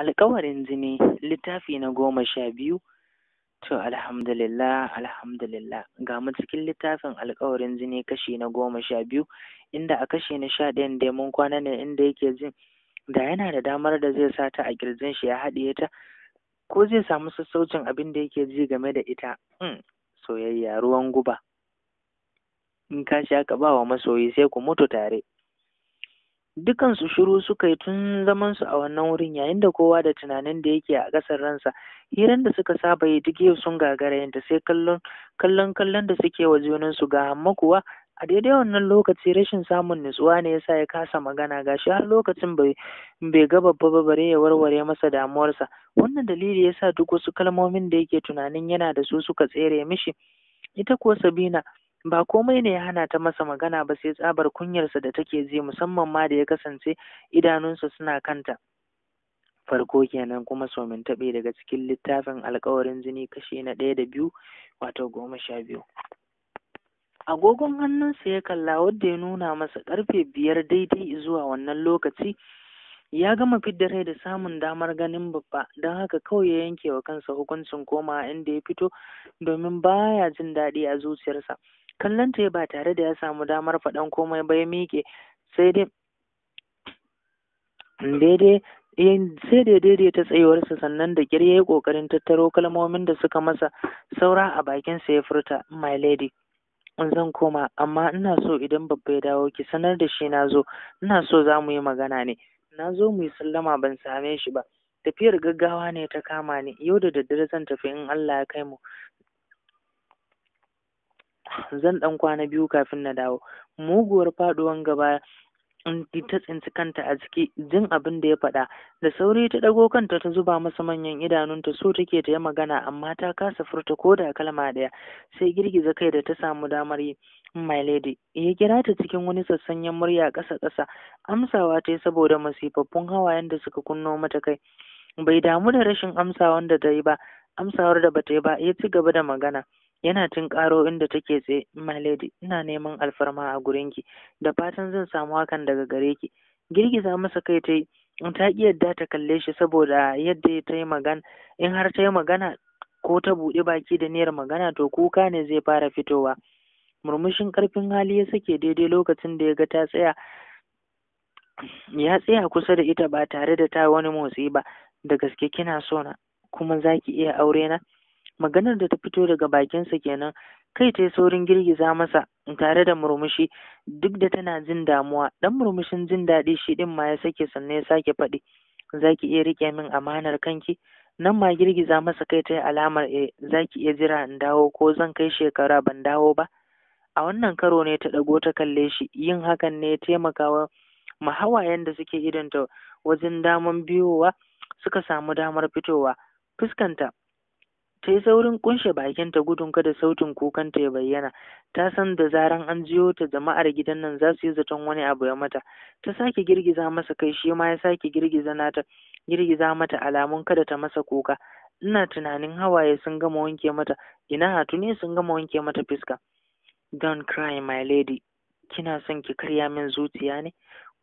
alƙawarin jini littafi na goma sha biyu to alhamdulillah alhamdulillah ga mu cikin littafin alƙawarin jini kashi na goma sha biyu inda a kashi na sha ɗayan da mun kwana ne inda yake jin da yana da damar da zai sa ta a kirjin shi ya haɗiye ta ko zai samu sassaucin abin da yake ji game da ita hmm, soyayya ruwan guba in ka sha ka ba wa masoyi sai ku mutu tare dukansu shiru suka yi tun su a wannan wurin yayin da kowa da tunanin da yake a ƙasar ransa hiran da suka saba yi duk yau sun gagara yanta sai kallon kallon da suke wa su, ga hamma kuwa a daidai wannan lokaci rashin samun nutsuwa ne yasa ya kasa magana gashi har lokacin bai bai ga babba ba bare ya warware masa damuwarsa wannan dalili yasa duk wasu kalmomin da yake tunanin yana da su suka tsere mishi ita kuwa sabina ba komai ne ya hana ta masa magana ba sai tsabar kunyarsa da take ji musamman ma da ya kasance idanunsa suna kanta farko kenan kuma somin taɓe daga cikin littafin alkawarin jini kashe na ɗaya da biyu wato goma sha biyu agogon hannunsa ya kalla wadda ya nuna masa ƙarfe biyar daidai zuwa wannan lokaci ya gama fidda rai da samun damar ganin babba don haka kawai ya yanke wa kansa hukuncin koma inda ya fito domin baya jin daɗi a zuciyarsa kallon ta ba tare da ya samu damar faɗan komai ba ya miƙe sai dai daidai sai da daidai ta tsayuwarsa sannan da ƙyar ya yi ƙoƙarin tattaro kalmomin da suka masa saura a bakinsa ya furta my lady zan koma amma ina so idan babba ya dawo ki sanar da shi na zo ina so za mu yi magana ne na zo mu yi sallama ban same shi ba tafiyar gaggawa ne ta kama ni yau da daddare zan tafi in Allah ya kai mu zan ɗan kwana biyu kafin na dawo muguwar faɗuwan gaba in ta tsinci kanta a ciki jin abin da ya faɗa da sauri ta ɗago kanta ta zuba masa manyan idanunta so take ta yi magana amma ta kasa furta ko da kalma ɗaya sai girgiza kai da ta samu damar yi my lady ya kira ta cikin wani sassanyen murya ƙasa ƙasa amsawa ta yi saboda masifaffun hawayen da suka kunno mata kai bai damu da rashin amsa da ta yi ba amsawar da bata yi ba ya ci gaba da magana yana tinkaro inda take tsaye my ina neman alfarma a gurinki da fatan zan samu hakan daga gare ki girgiza masa kai ta yi ta ƙi yadda ta kalle shi saboda yadda ta yi magana in har ta yi magana ko ta buɗe baki da niyyar magana to kuka ne zai fara fitowa murmushin ƙarfin hali ya sake daidai lokacin da ya ga ta tsaya ya tsaya kusa da ita ba tare da ta wani motsi ba da gaske kina sona. kuma zaki iya aure na maganar da ta fito daga bakinsa kenan kai ta saurin girgiza masa tare da murmushi duk da tana jin damuwa dan murmushin jin daɗi shi din ma ya sake sannan ya sake faɗi zaki iya rike min amanar kanki nan ma girgiza masa kai ta alamar e eh, zaki iya jira in dawo ko zan kai shekara ban dawo ba a wannan karo ne ta ɗago ta kalle shi yin hakan ne taimakawa mahawayen da suke idanta wajen daman biyowa suka samu damar fitowa fuskanta ta yi saurin kunshe bakinta gudun kada sautin kukanta ya bayyana ta san da zaran an jiyo ta jama'ar gidan nan za su yi zaton wani abu ya mata ta sake girgiza masa kai shi ma ya sake girgiza nata girgiza mata alamun kada ta masa kuka ina tunanin hawaye sun gama wanke mata ina hatu sun gama wanke mata fuska don't cry my lady kina son ki karya min zuciya ne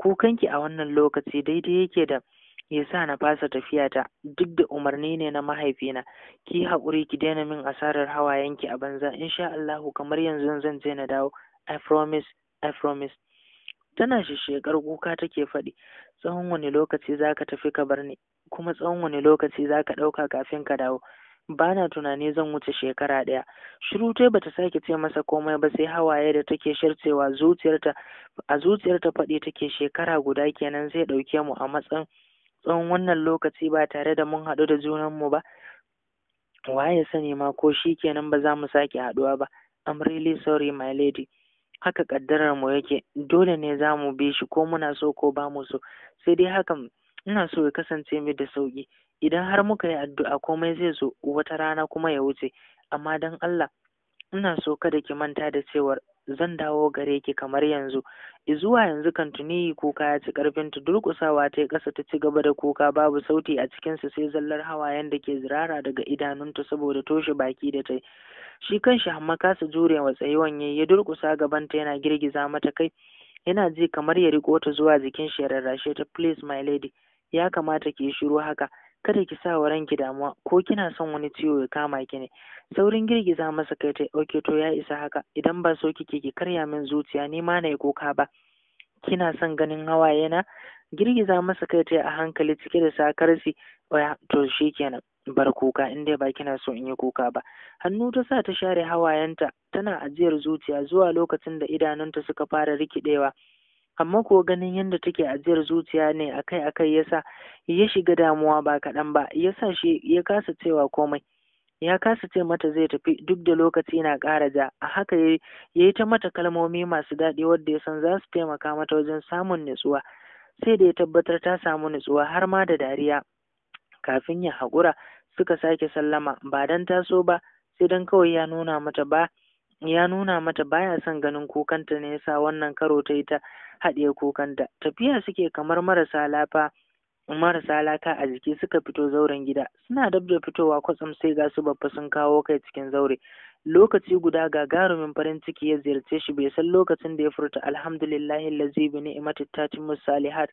kukanki a wannan lokaci daidai yake da ya sa na fasa tafiya ta duk da umarni ne na mahaifina ki haƙuri ki daina min asarar hawayenki a banza insha Allahu kamar yanzu zan je na dawo I promise I promise tana shishekar kuka take faɗi tsawon wani lokaci za ka tafi ka bar ni kuma tsawon wani lokaci za ka ɗauka kafin ka dawo bana na tunani zan wuce shekara ɗaya shiru tai bata sake ce masa komai ba sai hawaye da take shircewa zuciyarta a zuciyarta faɗi take shekara guda kenan zai ɗauke mu a matsayin tsawon wannan lokaci ba tare da mun haɗu da junanmu ba Wa ya sani ma ko shi kenan ba za mu sake haɗuwa ba I'm really sorry my lady haka ƙaddarar mu yake dole ne za mu bi shi ko muna so ko ba mu so sai dai hakan ina so ya kasance mai da sauki idan har muka yi addu'a komai zai zo wata rana kuma ya wuce amma don Allah ina so kada ki manta da cewar zan dawo gare ki kamar yanzu zuwa yanzu kan tuni kuka ya ci ta durƙusawa ta ƙasa ta ci gaba da kuka babu sauti a cikin su sai zallar hawayen da ke zirara daga idanunta saboda toshe baki da ta yi shi kanshi amma kasa jure wa tsayuwan yayi. ya durƙusa ta yana girgiza mata kai yana ji kamar ya riko ta zuwa jikin shi ya rarrashe ta please my lady ya kamata ki shiru haka kada ki sa wa ranki damuwa ko kina son wani ciwo ya kama ki ne saurin girgiza masa kai ta okay to ya isa haka idan ba so kike ki karya min zuciya ni ma na yi kuka ba kina son ganin hawaye na girgiza masa kai ta a hankali cike da sakarsi oya to shikenan bar kuka in dai ba kina so in yi kuka ba hannu ta sa ta share hawayenta tana ajiyar zuciya zuwa lokacin da idanunta suka fara rikidewa amma ko ganin yadda take ajiyar zuciya ne akai-akai yasa ya shiga damuwa ba kaɗan ba yasa shi ya kasa cewa komai ya kasa ce mata zai tafi duk da lokaci na ƙara ja a haka ya yi ta mata kalmomi masu daɗi wadda ya san za su taimaka mata wajen samun nutsuwa sai da ya tabbatar ta samu nutsuwa har ma da dariya kafin ya haƙura suka sake sallama ba don taso ba sai don kawai ya nuna mata ba ya nuna mata baya son ganin kukanta ne yasa wannan karo ta yi ta haɗiye kukanta tafiya suke kamar marasa lafa marasa laka a jiki suka fito zauren gida suna dab da fitowa kwatsam sai ga su babba sun kawo kai cikin zaure lokaci guda gagarumin farin ciki ya ziyarce shi bai san lokacin da ya furta alhamdulillahi lazibi bi ni'imati tatimmu salihat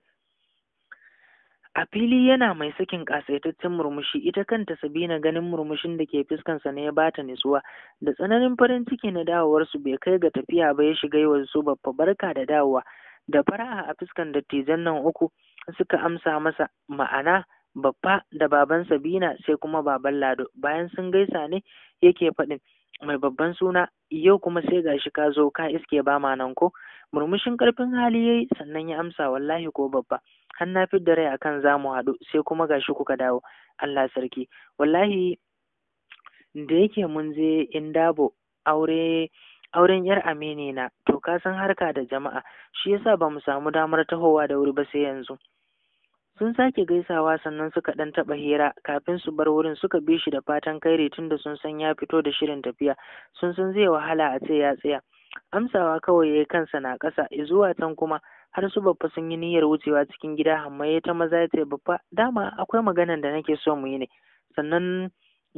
a fili yana mai sakin kasaitaccen murmushi ita kanta sabina ganin murmushin da ke fuskansa ne ya bata nutsuwa da tsananin farin ciki na dawowarsu bai kai ga tafiya ba ya shiga yi wasu babba barka da dawowa da faraha a fuskan dattijan nan uku suka amsa masa ma'ana babba da baban sabina sai kuma baban lado bayan sun gaisa ne yake faɗin mai babban suna yau kuma sai gashi ka zo ka iske ba ma nan ko murmushin karfin hali yayi sannan ya amsa wallahi ko babba har na fi da rai akan za mu haɗu sai kuma ga shi kuka dawo Allah sarki wallahi da yake mun je indabo aure auren yar amini na to ka san harka da jama'a shi yasa ba mu samu damar tahowa da wuri ba sai yanzu sun sake gaisawa sannan suka ɗan taɓa hira kafin su bar wurin suka bi shi da fatan kairi tun da sun san ya fito da shirin tafiya sun san zai wahala a ce ya tsaya amsawa kawai ya kansa na ƙasa zuwa can kuma har su babba sun yi niyyar wucewa cikin gida hamma ta maza ya ce babba dama akwai maganan da nake so mu yi ne sannan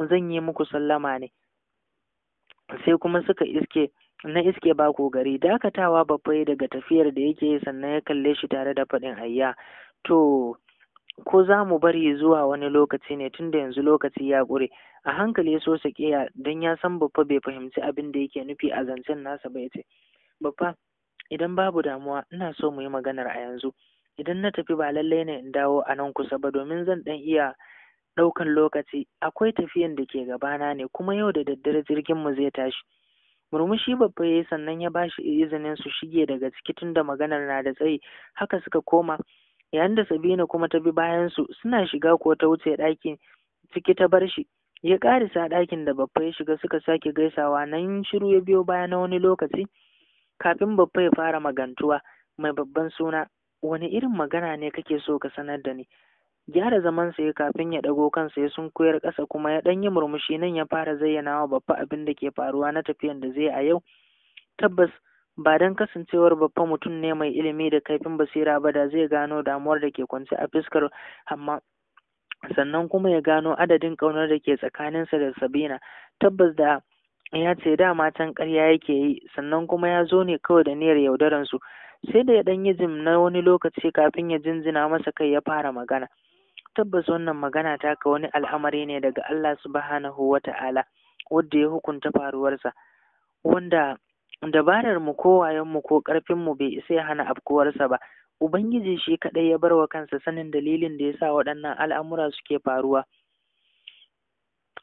zan yi muku sallama ne sai kuma suka iske na iske ba bako gari dakatawa babba daga tafiyar da yake sannan ya kalle shi tare da faɗin ayya to ko za mu bari zuwa wani lokaci ne tunda yanzu lokaci ya ƙure a hankali ya so sakiya don ya san babba bai fahimci abin da yake nufi a zancen nasa ba ya ce babba idan babu damuwa ina so mu yi maganar a yanzu idan na tafi ba lallai ne in dawo a nan kusa ba domin zan ɗan iya ɗaukan lokaci akwai tafiyan da ke gabana ne kuma yau da daddare jirgin mu zai tashi murmushi babba ya yi sannan ya bashi izinin su shige daga ciki tunda maganar na da tsayi haka suka koma yayin da sabina kuma ta bi bayan su suna shiga ko ta wuce ɗakin ciki ta bar shi ya ƙarisa ɗakin da babba ya shiga suka sake gaisawa nan shiru ya biyo baya na wani lokaci kafin babba ya fara magantuwa mai babban suna wani irin magana ne kake so ka sanar da ni gyara zaman sa kafin ya ɗago kansa ya sun koyar ƙasa kuma ya ɗan murmushi nan ya fara zayyana wa babba abin da ke faruwa na tafiyan da zai a yau tabbas ba don kasancewar babba mutum ne mai ilimi da kaifin basira ba da zai gano damuwar da ke kwance a fuskar amma sannan kuma ya gano adadin ƙaunar da ke tsakaninsa da sabina tabbas da ya ce da matan ƙarya yake yi sannan kuma ya zo ne kawai da niyyar yaudaran su sai da ya dan yi jim na wani lokaci kafin ya jinjina masa kai ya fara magana tabbas wannan magana taka wani al'amari ne daga Allah subhanahu wa ta'ala wadda ya hukunta faruwarsa wanda dabarar mu ko wayan mu ko karfin mu bai isa ya hana afkuwarsa ba ubangiji shi kadai ya bar wa kansa sanin dalilin da yasa waɗannan al'amura suke faruwa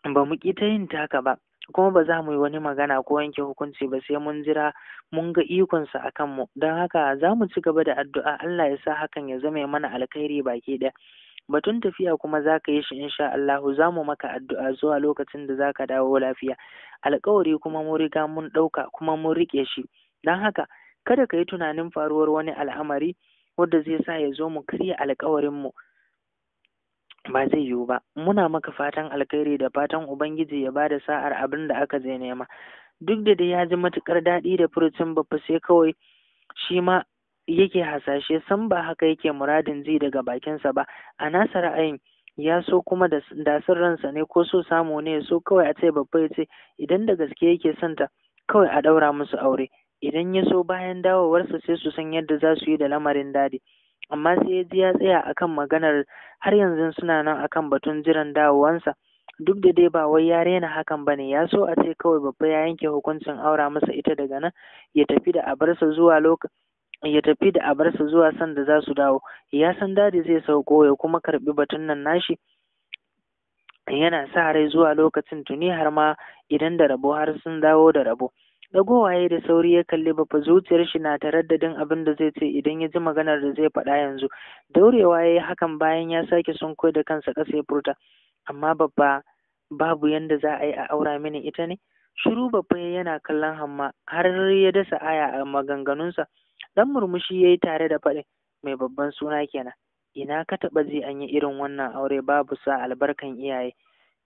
ba mu ƙi ta yin taka ba kuma ba za mu yi wani magana ko yanke hukunci ba sai mun jira mun ga ikonsa a kanmu don haka za mu ci gaba da addu'a Allah ya sa hakan ya zama mana alkhairi baki ɗaya batun tafiya kuma za ka yi shi insha Allahu za mu maka addu'a zuwa lokacin da za ka dawo lafiya alkawari kuma mun riga mun ɗauka kuma mun riƙe shi don haka kada ka yi tunanin faruwar wani al'amari wanda zai sa ya zo mu karya alkawarinmu ba zai yiwu ba muna maka fatan alkhairi da fatan ubangiji ya bada sa'ar abin da aka je nema duk da dai ya ji matukar daɗi da furucin babba sai kawai shi ma yake hasashe san ba haka yake muradin ji daga bakinsa ba a nasa ra'ayin ya so kuma da sun ransa ne ko so samu ne so kawai a ce babba ya ce idan da gaske yake santa kawai a ɗaura musu aure idan ya so bayan dawowarsa sai su san yadda za su yi da lamarin daɗi. amma sai ya ji ya tsaya akan maganar har yanzu suna nan akan batun jiran dawowansa duk da dai ba wai ya rena hakan ba ne ya so a ce kawai babba ya yanke hukuncin aura masa ita daga nan ya tafi da abarsa zuwa loka ya tafi da abarsa zuwa sanda za su dawo ya san dadi zai sauko ya kuma karbi batun nan nashi yana sa rai zuwa lokacin tuni har ma idan da rabo har sun dawo da rabo Dagowa ya da sauri ya kalli babba zuciyar shi na raddadin abin da zai ce idan ya ji maganar da zai faɗa yanzu. Daurewa ya yi hakan bayan ya sake koyi da kansa ƙasa ya furta. Amma babba babu yanda za a yi a aura mini ita ne? Shiru babba yana kallon hamma har ya dasa aya a maganganunsa. Dan murmushi ya yi tare da faɗin mai babban suna kenan. Ina ka taɓa ji an yi irin wannan aure babu sa albarkan iyaye.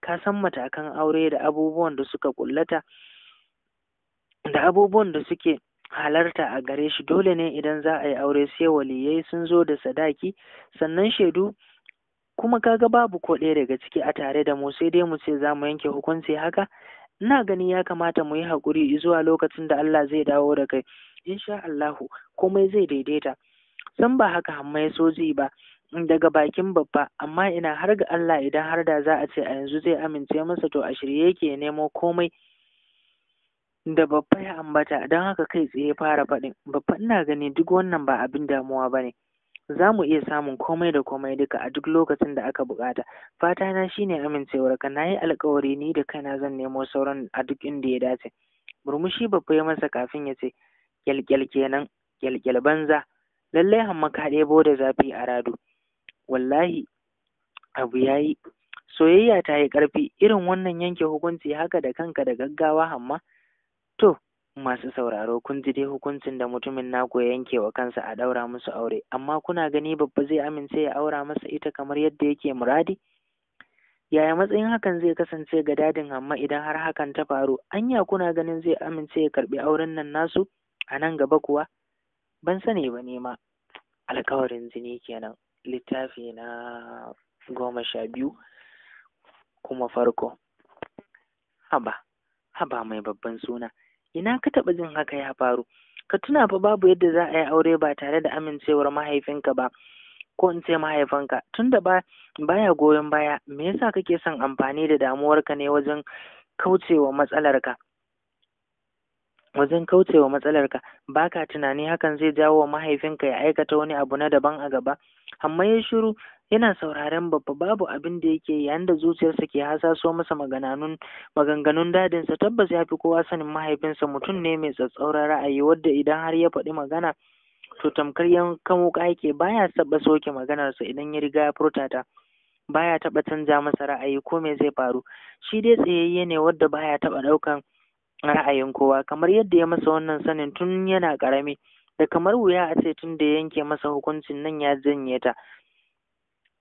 Ka san matakan aure da abubuwan da suka kullata? da abubuwan da suke halarta a gare shi dole ne idan za a yi aure sai waliyai sun zo da sadaki sannan shaidu kuma kaga babu ko ɗaya daga ciki a tare da mu sai dai mu ce za mu yanke hukunci haka ina gani ya kamata mu yi haƙuri zuwa lokacin da Allah zai dawo da kai insha Allahu komai zai daidaita san ba haka hamma ya soji ba daga bakin babba amma ina har ga Allah idan har da za a ce a yanzu zai amince masa to a shirye yake nemo komai da babba ya ambata don haka kai tsaye ya fara faɗin babba ina gani duk wannan ba abin damuwa ba ne za mu iya samun komai da komai duka a duk lokacin da aka bukata fata na shine amincewar ka yi alkawari ni da kaina zan nemo sauran a duk inda ya dace murmushi babba ya masa kafin ya ce kyalkyal kenan kyalkyal banza lallai hamma ka ɗebo da zafi a rado wallahi abu ya yi. soyayya ta yi ƙarfi irin wannan yanke hukunci haka da kanka da gaggawa hamma To, masu sauraro kun ji dai hukuncin da mutumin naku ya yanke wa kansa a ɗaura musu aure, amma kuna gani babba zai amince ya aura masa ita kamar yadda yake muradi? Yaya matsayin hakan zai kasance ga dadin hamma idan har hakan ta faru? Anya kuna ganin zai amince ya karɓi auren nan nasu a nan gaba kuwa? Ban sani ba nema. Alkawarin jini kenan, littafi na goma sha biyu kuma farko. Haba, haba mai babban suna. ina ka taɓa jin haka ya faru ka tuna fa babu yadda za a yi aure ba tare da amincewar mahaifinka ba ko in ce mahaifinka tunda ba baya goyon baya me yasa kake son amfani da damuwarka ne wajen kaucewa matsalarka wajen kaucewa matsalarka ba ka tunani hakan zai jawo wa mahaifinka ya aikata wani abu na daban a gaba amma ya shiru yana sauraren babba babu abin da yake yayin da zuciyarsa ke hasaso masa maganganun maganganun dadinsa tabbas ya fi kowa sanin mahaifinsa mutum ne mai tsatsauran ra'ayi wadda idan har ya faɗi magana to tamkar yankan wuka yake baya saba soke maganarsa idan ya riga ya furta ta baya taɓa canza masa ra'ayi ko me zai faru shi dai tsayayye ne wadda baya taɓa ɗaukan ra'ayin kowa kamar yadda ya masa wannan sanin tun yana ƙarami da kamar wuya a ce tun da yanke masa hukuncin nan ya janye ta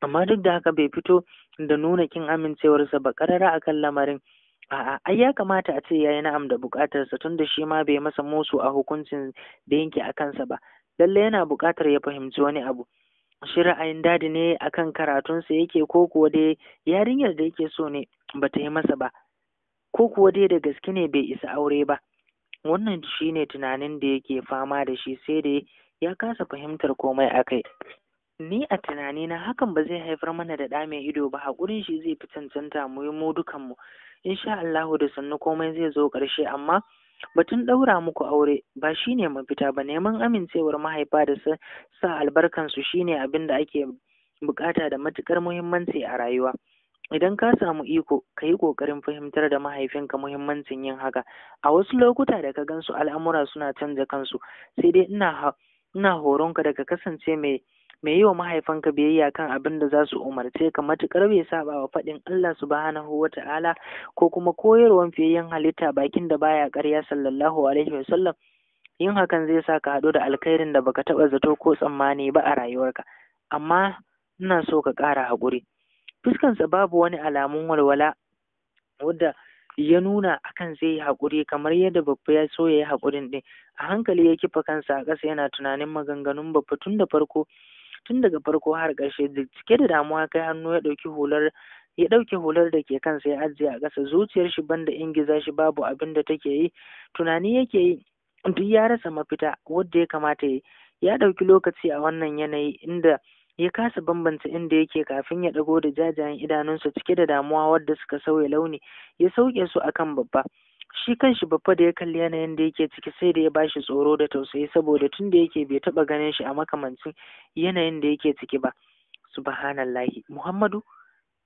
amma duk da haka bai fito da nuna kin amincewarsa ba karara akan lamarin a'a ai ya kamata a ce ya yi na'am da bukatarsa tunda shi ma bai masa musu a hukuncin da yanke a kansa ba lalle yana buƙatar ya fahimci wani abu shi ra'ayin dadi ne akan karatunsa yake ko kuwa dai yarinyar da yake so ne ba ta yi masa ba ko kuwa dai da gaske ne bai isa aure ba wannan shine tunanin da yake fama da shi sai da ya kasa fahimtar komai a kai. ni a tunani na hakan ba zai haifar mana da ɗa mai ido ba haƙurin shi zai fi cancanta mu yi mu dukanmu insha Allahu da sannu komai zai zo ƙarshe amma batun ɗaura muku aure ba shi shine mafita ba neman amincewar mahaifa da sa albarkansu shine abin da ake buƙata da matuƙar muhimmanci a rayuwa idan ka samu iko ka yi ƙoƙarin fahimtar da mahaifinka muhimmancin yin haka a wasu lokuta da ka gansu al'amura suna canza kansu sai dai ina ina horonka da ka kasance mai mai yi wa mahaifanka biyayya kan abin da za su umarce ka matuƙar bai saba wa faɗin Allah subhanahu wa ta'ala ko kuma koyarwan fiyayyen halitta bakin da baya ƙarya sallallahu alaihi wa sallam yin hakan zai sa ka haɗu da alkhairin da baka taɓa zato ko tsammani ba a rayuwarka amma ina so ka ƙara haƙuri fuskansa babu wani alamun walwala wadda ya nuna akan zai yi haƙuri kamar yadda babba ya so ya yi haƙurin ɗin a hankali ya kifa kansa a ƙasa yana tunanin maganganun babba tun da farko tun daga farko har ƙarshe cike da damuwa kai hannu ya ɗauki hular ya ɗauke hular da ke kansa ya ajiye a ƙasa zuciyar shi banda ingiza shi babu abin da take yi tunani yake yi duk ya rasa mafita wadda ya kamata yi ya ɗauki lokaci a wannan yanayi inda ya kasa bambanta inda yake kafin ya ɗago da jajayen idanunsa cike da damuwa wadda suka sauya launi ya sauke su akan babba shi kanshi babba da ya kalli yanayin da yake ciki sai da ya ba shi tsoro da tausayi saboda tun da yake bai taba ganin shi a makamancin yanayin da yake ciki ba subhanallahi muhammadu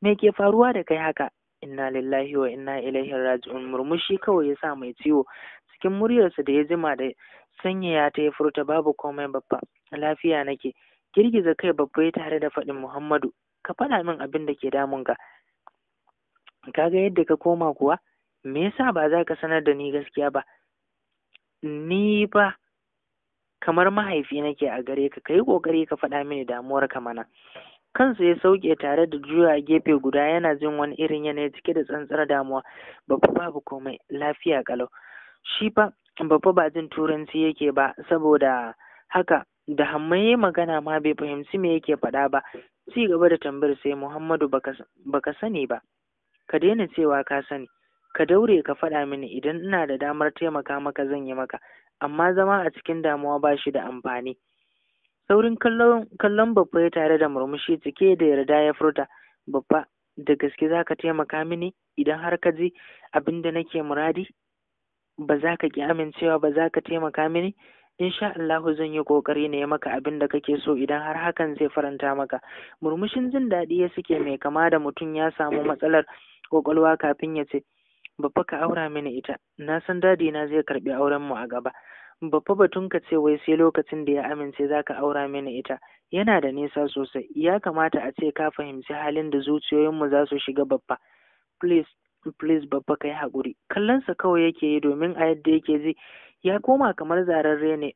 me ke faruwa da kai haka inna lillahi wa inna ilaihi raji'un murmushi kawai ya sa mai ciwo cikin muryarsa da ya jima da sanyaya ta ya furta babu komai babba lafiya nake girgiza kai babba ya tare da faɗin muhammadu ka faɗa min abin da ke damunka ka ga yadda ka koma kuwa me yasa ba za ka sanar da ni gaskiya ba ni ba kamar mahaifi nake a gare ka ka yi ƙoƙari ka faɗa mini damuwar ka mana Kansa ya sauke tare da juya gefe guda yana jin wani irin yanayi cike da tsantsar damuwa babba babu komai lafiya kalau shi fa babba ba jin turanci yake ba saboda haka da hammai ya magana ma bai fahimci me yake faɗa ba ci gaba da tambayar sai muhammadu baka sani ba ka daina cewa ka sani ka daure ka faɗa mini idan ina da damar taimaka maka zan yi maka amma zama a cikin damuwa ba shi da amfani saurin kallon babba ya tare da murmushi cike da yarda ya furta babba da gaske za ka taimaka mini idan har ka ji abin da nake muradi ba za ka ki amincewa ba za ka taimaka mini insha Allahu zan yi kokari ne maka abin da kake so idan har hakan zai faranta maka murmushin jin daɗi ya suke mai kama da mutum ya samu matsalar kwakwalwa kafin ya ce babba ka aura mini ita na san dadi na zai karbi auren mu a gaba babba batun ka ce wai sai lokacin da ya amince zaka aura mini ita yana da nisa sosai ya kamata a ce ka fahimci halin da zuciyoyin mu za su shiga babba please please babba kai hakuri sa kawai yake yi domin a yadda yake ji ya koma kamar zararre ne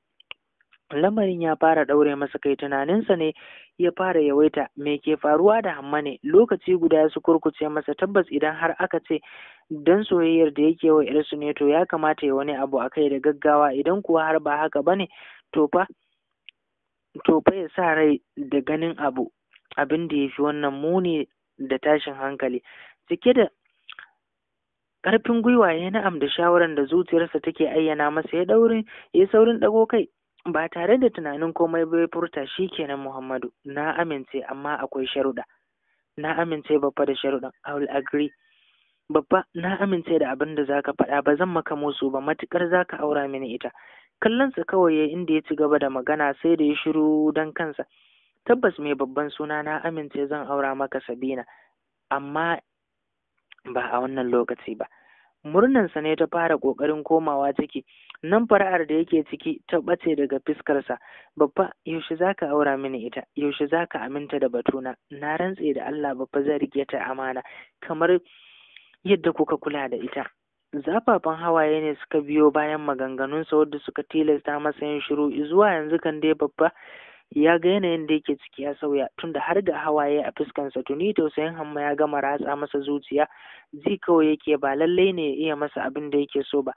lamarin ya fara ɗaure masa kai tunaninsa ne ya fara yawaita me ke faruwa da hamma ne lokaci guda ya su kurkuce masa tabbas idan har aka ce dan soyayyar da yake wa yarsu ne to ya kamata ya wani abu a kai da gaggawa idan kuwa har ba haka ba ne to fa ya sa rai da ganin abu abin da ya fi wannan muni da tashin hankali cike da ƙarfin gwiwa ya na'am da shawaran da zuciyarsa take ayyana masa ya ɗaurin ya saurin ɗago kai ba tare da tunanin komai ba furta shi kenan Muhammadu na amince amma akwai sharuɗa na amince babba da sharuɗan I will agree babba na amince da abin da zaka faɗa ba zan maka musu ba matukar zaka aura mini ita kallonsa kawai ya inda ya ci gaba da magana sai da ya shiru don kansa tabbas mai babban suna na amince zan aura maka Sabina amma ba a wannan lokaci ba murnansa ne ta fara ƙoƙarin komawa ciki nan fara'ar da yake ciki ta ɓace daga fiskarsa babba yaushe za ka aura mini ita yaushe za ka aminta da batuna na rantse da allah babba zai rike ta amana kamar yadda kuka kula da ita zafafan hawaye ne suka biyo bayan maganganunsa wadda suka tilasta masa yin shiru zuwa yanzu kan dai babba ya ga yanayin da yake ciki ya sauya tunda har da hawaye a fuskansa tuni tausayin hamma ya gama ratsa masa zuciya ji kawai yake ba lallai ne ya iya masa abin da yake so ba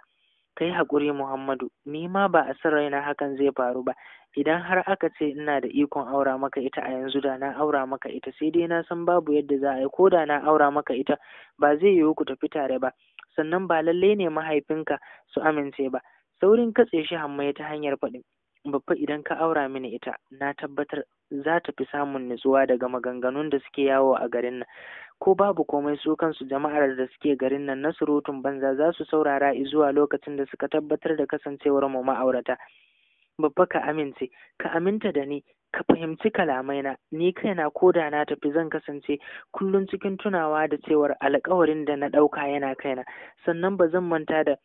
kai hakuri muhammadu ni ma ba a san raina hakan zai faru ba idan har aka ce ina da ikon aura maka ita a yanzu da na aura maka ita sai dai na san babu yadda za a yi ko da na aura maka ita ba zai yiwu ku tafi tare ba sannan ba lallai ne mahaifinka su amince ba saurin katse shi hamma ta hanyar faɗin babba idan ka aura mini ita na tabbatar za ta fi samun nutsuwa daga maganganun da suke yawo a garin nan ko babu komai su kansu jama'ar da suke garin nan na surutun banza za su saurara zuwa lokacin da suka tabbatar da kasancewar mu ma'aurata babba ka amince ka aminta da ni ka fahimci kalamaina ni kaina ko da na tafi zan kasance kullum cikin tunawa da cewar alkawarin da na ɗauka yana kaina sannan ba zan manta da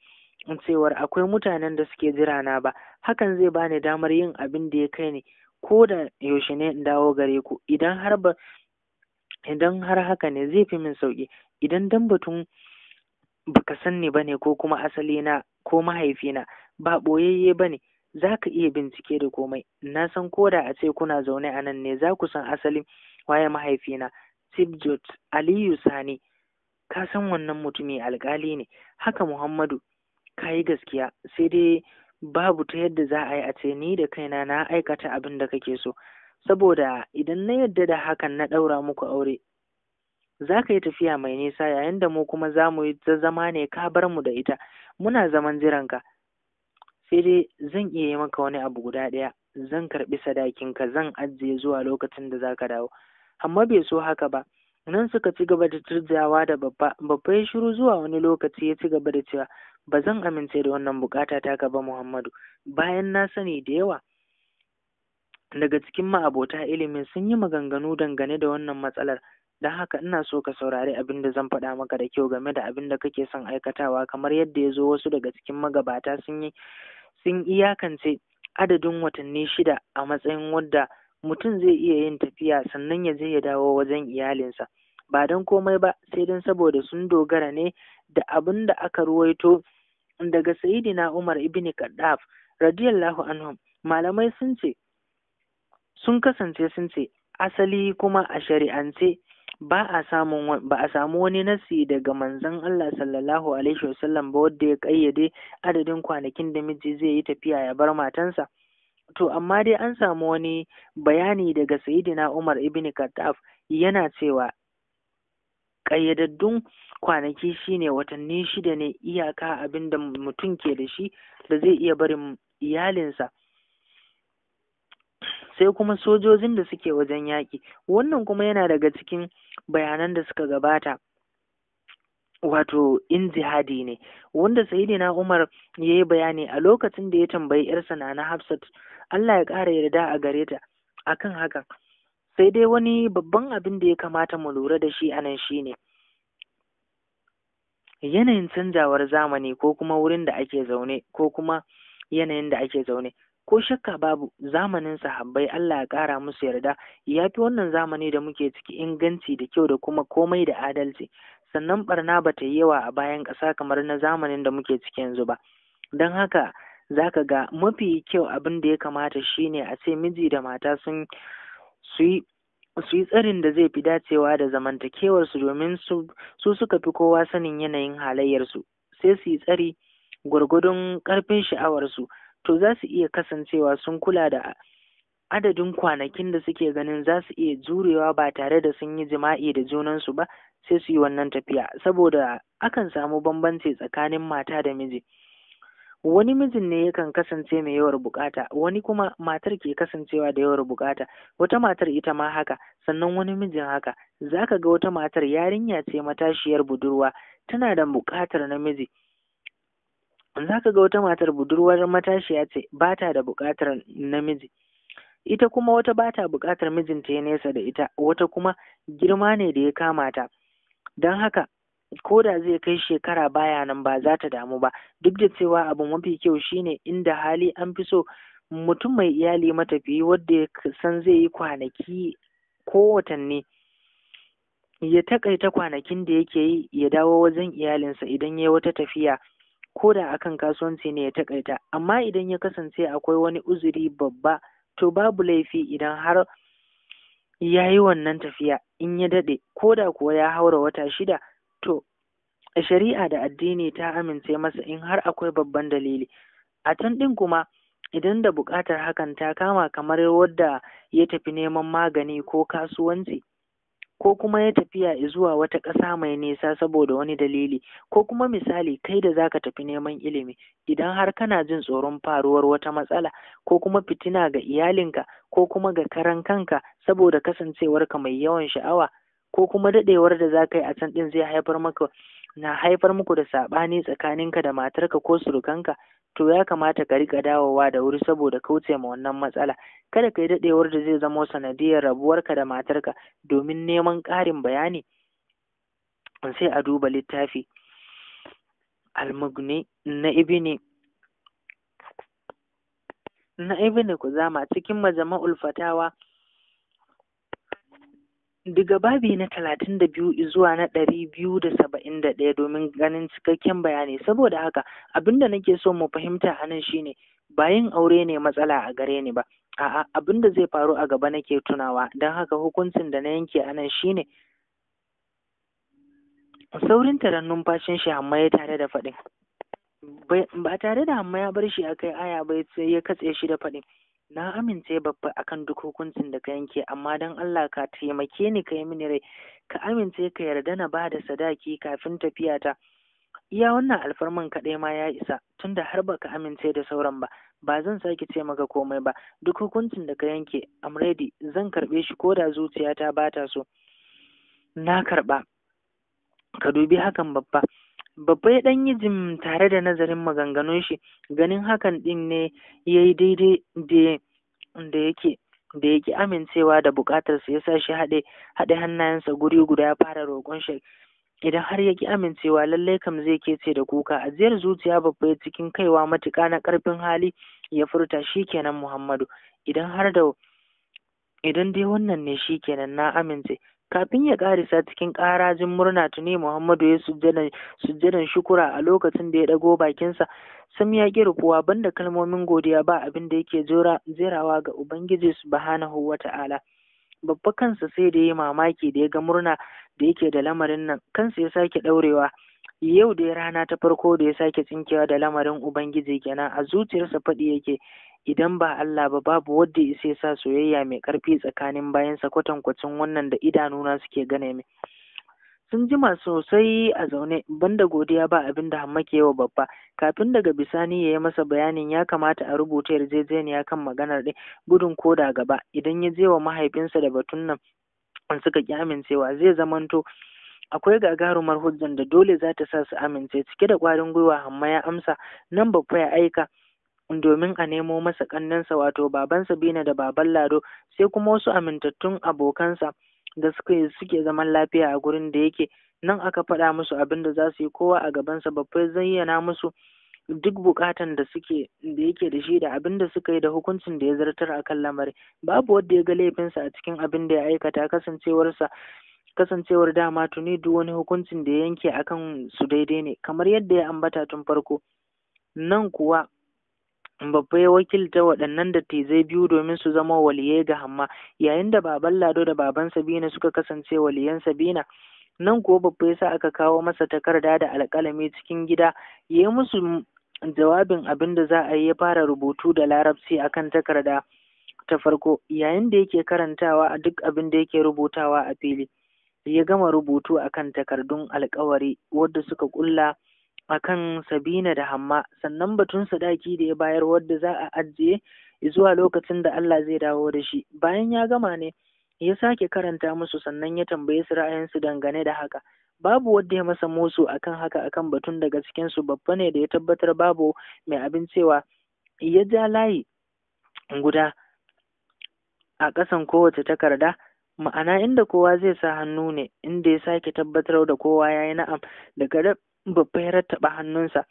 cewar akwai mutanen da suke jira na ba hakan zai bani damar yin abin da ya kai ni ko da yaushe ne in dawo gare ku idan har ba idan har haka ne zai fi min sauki idan dan batun baka san ni bane ko kuma asali na ko mahaifina ba boyayye bane za ka iya bincike da komai na san da a ce kuna zaune a nan ne za ku san asalin waye mahaifina Sibjot Aliyu Sani ka san wannan mutumi alkali ne haka Muhammadu ka yi gaskiya sai dai babu ta yadda za a yi a ce ni da kaina na aikata abin da kake so saboda idan na yadda da hakan na ɗaura muku aure za ka yi tafiya mai nisa yayin da mu kuma za mu yi ta zama ne ka bar mu da ita muna zaman jiranka sai dai zan iya yi maka wani abu guda ɗaya zan karɓi sadakinka zan ajiye zuwa lokacin da za ka dawo amma bai so haka ba nan suka ci gaba da turjawa da babba babba ya shiru zuwa wani lokaci ya ci gaba da cewa ba zan amince da wannan bukata ta gaba Muhammadu bayan na sani da yawa daga cikin ma'abota ilimin sun yi maganganu dangane da wannan matsalar don haka ina so ka saurari abin da zan faɗa maka da kyau game da abin da kake son aikatawa kamar yadda ya zo wasu daga cikin magabata sun yi sun iyakance adadin watanni shida a matsayin wadda mutum zai iya yin tafiya sannan ya je ya dawo wajen iyalinsa ba don komai ba sai don saboda sun dogara ne da abin da aka ruwaito daga Saidina Umar ibn Kaddaf radiyallahu anhu malamai sun ce sun kasance sun ce asali kuma a shari'ance ba a samun ba a samu wani nasi daga manzon Allah sallallahu alaihi wasallam ba wanda ya kayyade adadin kwanakin da miji zai yi tafiya ya bar matansa to amma dai an samu wani bayani daga Sayyidina Umar ibn Kaddaf yana cewa ƙayyadaddun kwanaki shine watanni shida ne iyaka abinda mutum ke da shi da zai iya barin iyalinsa sai kuma sojojin da suke wajen yaƙi wannan kuma yana daga cikin bayanan da suka gabata wato in jihadi ne wanda sayidina umar ya yi bayani a lokacin da ya tambayi yarsa na na hafsat allah ya ƙara yarda a gare ta akan hakan sai dai wani babban abin da ya kamata mu lura da shi anan shine yanayin canjawar zamani ko kuma wurin da ake zaune ko kuma yanayin da ake zaune ko shakka babu zamanin sahabbai Allah ya ƙara musu yarda ya fi wannan zamani da muke ciki inganci da kyau da kuma komai da adalci sannan barna ba ta yi yawa a bayan ƙasa kamar na zamanin da muke ciki yanzu ba don haka za ka ga mafi kyau abin da ya kamata shine a ce miji da mata sun su yi tsarin da zai fi dacewa da zamantakewarsu domin su su suka fi kowa sanin yanayin halayyarsu sai su yi tsari gwargwadon ƙarfin sha'awarsu to za su iya kasancewa sun kula da adadin kwanakin da suke ganin za su iya jurewa ba tare da sun yi jima'i da junansu ba sai su yi wannan tafiya saboda akan samu bambanci tsakanin mata da miji wani mijin ne yakan kasance mai yawar bukata wani kuma matar ke kasancewa da yawar bukata wata matar ita ma haka sannan wani mijin haka zaka ga wata matar yarinya ce matashiyar budurwa tana da bukatar namiji zaka ga wata matar budurwar matashiya ce bata da bukatar namiji ita kuma wata bata bukatar mijinta ya nesa da ita wata kuma girma ne da ya kama ta don haka ko da zai kai shekara baya nan ba za ta damu ba duk da cewa abu mafi kyau shine inda hali an fi so mutum mai iyali matafiyi wadda ya san zai yi kwanaki ko watanni ya takaita kwanakin da yake yi ya dawo wajen iyalinsa idan ya yi wata tafiya ko da akan kasuwanci ne ya takaita amma idan ya kasance akwai wani uzuri babba to babu laifi idan har ya yi wannan tafiya in ya daɗe ko da kuwa ya haura wata shida to shari'a da addini ta amince masa in har akwai babban dalili a can ɗin kuma idan da buƙatar hakan ta kama kamar wadda ya tafi neman magani ko kasuwanci ko kuma ya tafiya zuwa wata ƙasa mai nisa saboda wani dalili ko kuma misali kai da za ka tafi neman ilimi idan har kana jin tsoron faruwar wata matsala ko kuma fitina ga iyalinka ko kuma ga karan kanka saboda kasancewarka mai yawan sha'awa ko kuma daɗewar da za ka yi a can ɗin zai haifar maka na haifar muku da saɓani tsakaninka da matarka ko surukanka to ya kamata ka riƙa dawowa da wuri saboda kauce ma wannan matsala kada ka yi daɗewar da zai zama sanadiyar rabuwarka da matarka domin neman ƙarin bayani sai a duba littafi almugni na ibini na ibini kuzama cikin majama'ul fatawa daga babi na talatin da biyu zuwa na ɗari biyu da saba'in da ɗaya domin ganin cikakken bayani saboda haka abinda nake so mu fahimta a nan shine bayan aure ne matsala a gare ni ba a'a abinda zai faru a gaba nake tunawa don haka hukuncin da na yanke a nan shine saurin taron numfashin shi amma ya tare da faɗin ba tare da amma ya bar shi a kai aya ba sai ya katse shi da faɗin Na amince babba akan duk hukuncin da ka yanke amma don Allah ka taimake ni ka yi mini rai ka amince ka yarda na ba da sadaki kafin tafiya ta. Iya wannan alfarman kaɗai ma ya isa tunda har baka amince da sauran ba ba zan sake ce maka komai ba duk hukuncin da ka yanke amredi zan karɓe shi ko da zuciyata ba ta so. Na karɓa ka dubi hakan babba Babbai 'dan ɗan yi jim tare da nazarin maganganun shi ganin hakan ɗin ne ya yi daidai da yake da yake amincewa da sa ya sa shi haɗe haɗe hannayensa guri guda ya fara roƙon shi idan har ya ki amincewa lallai kam zai kece da kuka ajiyar zuciya babba cikin kaiwa matuƙa na ƙarfin hali ya furta shikenan muhammadu idan har da idan dai wannan ne shi kenan na amince kafin ya karisa cikin ƙarajin murna tuni Muhammadu ya sujjadan shukura a lokacin da ya dago bakinsa sam ya ki rufuwa banda kalmomin godiya ba abin da yake jerawa ga Ubangiji subhanahu ta'ala babba kansa sai da ya mamaki da ya ga murna da yake da lamarin nan kansa ya sake daurewa yau da rana ta farko da ya sake tsinkewa da lamarin ubangiji kenan a zuciyarsa faɗi yake idan ba Allah ba babu wanda ya isa sa soyayya mai karfi tsakanin bayansa kwatankwacin wannan da idanuna suke gane mai sun jima sosai a zaune banda godiya ba abin da hammake wa babba kafin daga bisani ya yi masa bayanin ya kamata a rubuta yarjejeniya kan maganar ɗin gudun koda gaba idan ya je wa mahaifinsa da batun nan suka ƙi amincewa zai zamanto akwai gagarumar hujjan da dole za ta sa su amince cike da ƙwarin gwiwa hamma ya amsa nan babba ya aika domin a nemo masa ƙannensa wato Babansa, Sabina da baban Lado sai kuma wasu amintattun abokansa da suke zaman lafiya a gurin da yake nan aka faɗa musu abin da za su yi kowa a gabansa babba zayyana musu duk bukatan da suke da yake da shi da abin da suka yi da hukuncin da ya zartar a kan lamari babu wanda ya ga laifinsa a cikin abin da ya aikata kasancewarsa kasancewar dama tuni duk wani hukuncin da ya yanke akan su daidai ne kamar yadda ya ambata tun farko nan kuwa Babba ya wakilta waɗannan dattijai biyu domin su zama waliyai ga Hamma, yayin da Baban Lado da Baban Sabina suka kasance waliyan Sabina. Nan kuwa Babba ya sa aka kawo masa takarda da alƙalami cikin gida, ya yi musu jawabin abin da za a yi ya fara rubutu da larabci akan takarda ta farko, yayin da yake karantawa a duk abin da yake rubutawa a fili. Ya gama rubutu a kan takardun alƙawari wadda suka ƙulla akan Sabina da Hamma sannan batun sadaki da ya bayar wadda za a ajiye zuwa lokacin da Allah zai dawo da shi bayan ya gama ne ya sake karanta musu sannan ya tambaye su ra'ayinsu dangane da haka babu wadda ya masa musu akan haka akan batun daga cikin su babba ne da ya tabbatar babu mai abin cewa ya ja layi guda a ƙasan kowace takarda ma'ana inda kowa zai sa hannu ne inda ya sake tabbatar da kowa ya yi na'am daga babba ya rattaba hannunsa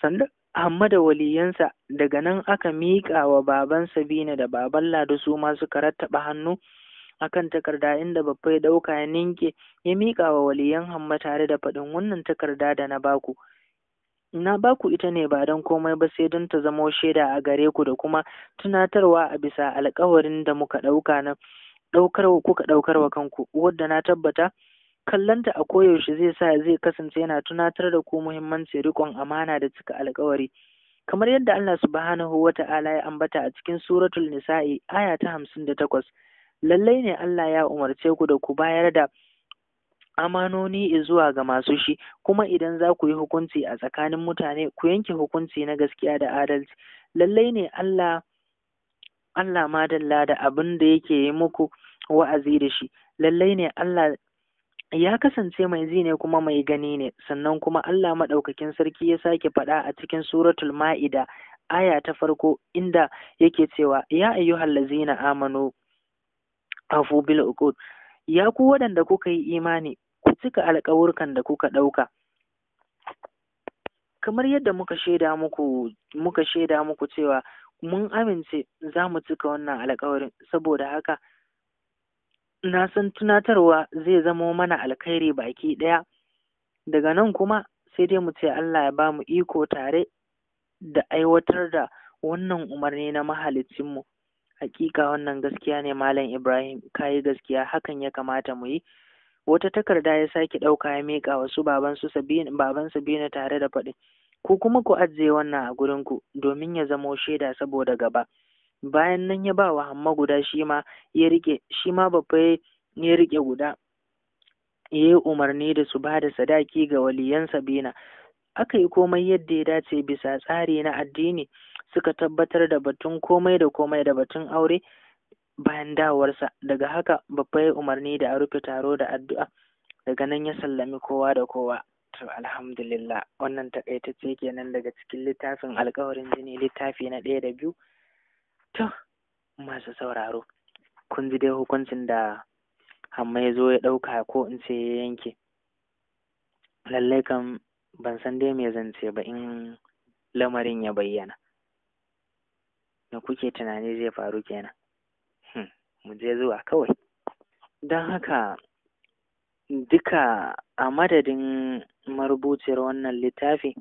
sannan Ahmad da waliyansa daga nan aka miƙa wa baban Sabina da baban Lado su ma suka rattaba hannu akan takarda inda babba ya ɗauka ya ninke ya miƙa wa waliyan Hamma tare da faɗin wannan takarda da na baku. Na baku ita ne ba don komai ba sai don ta zamo shaida a gare ku da kuma tunatarwa a bisa alkawarin da muka ɗauka na kuka ɗaukar wa kanku wadda na tabbata Kallonta a koyaushe zai sa zai kasance yana tunatar da ku muhimmanci riƙon amana da cika alkawari. Kamar yadda Allah subhanahu wa ta'ala ya ambata a cikin suratul nisa'i aya ta hamsin da takwas, lallai ne Allah ya umarce ku da ku bayar da amanoni zuwa ga masu shi kuma idan za ku yi hukunci a tsakanin mutane ku yanke hukunci na gaskiya da adalci lallai ne Allah Allah madalla da abin da yake yi muku wa'azi da shi lallai ne Allah ya kasance mai ji ne kuma mai gani ne sannan kuma Allah maɗaukakin sarki ya sake faɗa a cikin suratul ma'ida aya ta farko inda yake cewa ya ayyuhal lazina amanu afu bil uqud ya ku waɗanda kuka yi imani ku cika alƙawurkan da kuka ɗauka kamar yadda muka shaida muku muka shaida muku cewa mun amince za mu cika wannan alƙawarin saboda haka na san tunatarwa zai zamo mana alkhairi baki ɗaya daga nan kuma sai dai mu ce Allah ya bamu iko tare da aiwatar da wannan umarni na mahalicinmu hakika wannan gaskiya ne malam ibrahim kayi gaskiya hakan ya kamata mu yi wata takarda ya sake ɗauka ya miƙa wasu babansa baban su baban tare da faɗi ku kuma ku ajiye wannan a gurinku domin ya zamo shaida saboda gaba bayan nan ya ba wa hamma guda shi ma ya rike shi ma babba ya rike guda ya yi umarni da su ba da sadaki ga waliyan sabina aka yi komai yadda ya dace bisa tsari na addini suka tabbatar da batun komai da komai da batun aure bayan dawarsa. daga haka babba ya umarni da a rufe taro da addu'a daga nan ya sallami kowa da kowa to alhamdulillah wannan takaitacce kenan daga cikin littafin alkawarin jini littafi na ɗaya da biyu To, masu sauraro, kun ji dai hukuncin da Hamma ya zo ya ɗauka ko in ce ya yanke. Lallai kam ban san dai me zan ce ba in lamarin ya bayyana. Me kuke tunani zai faru kenan? Hmm, mu je zuwa kawai. Don haka duka a madadin marubuciyar wannan littafi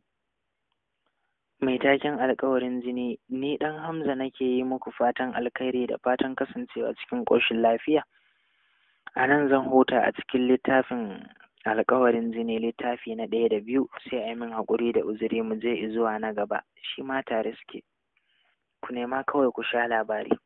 mai taken alkawarin jini ni ɗan hamza nake yi muku fatan alkhairi da fatan kasancewa cikin ƙoshin lafiya a nan zan huta a cikin littafin alkawarin jini littafi na ɗaya da biyu sai a yi min haƙuri da uzuri mu je zuwa na gaba shi ma tare suke ku nema kawai ku sha labari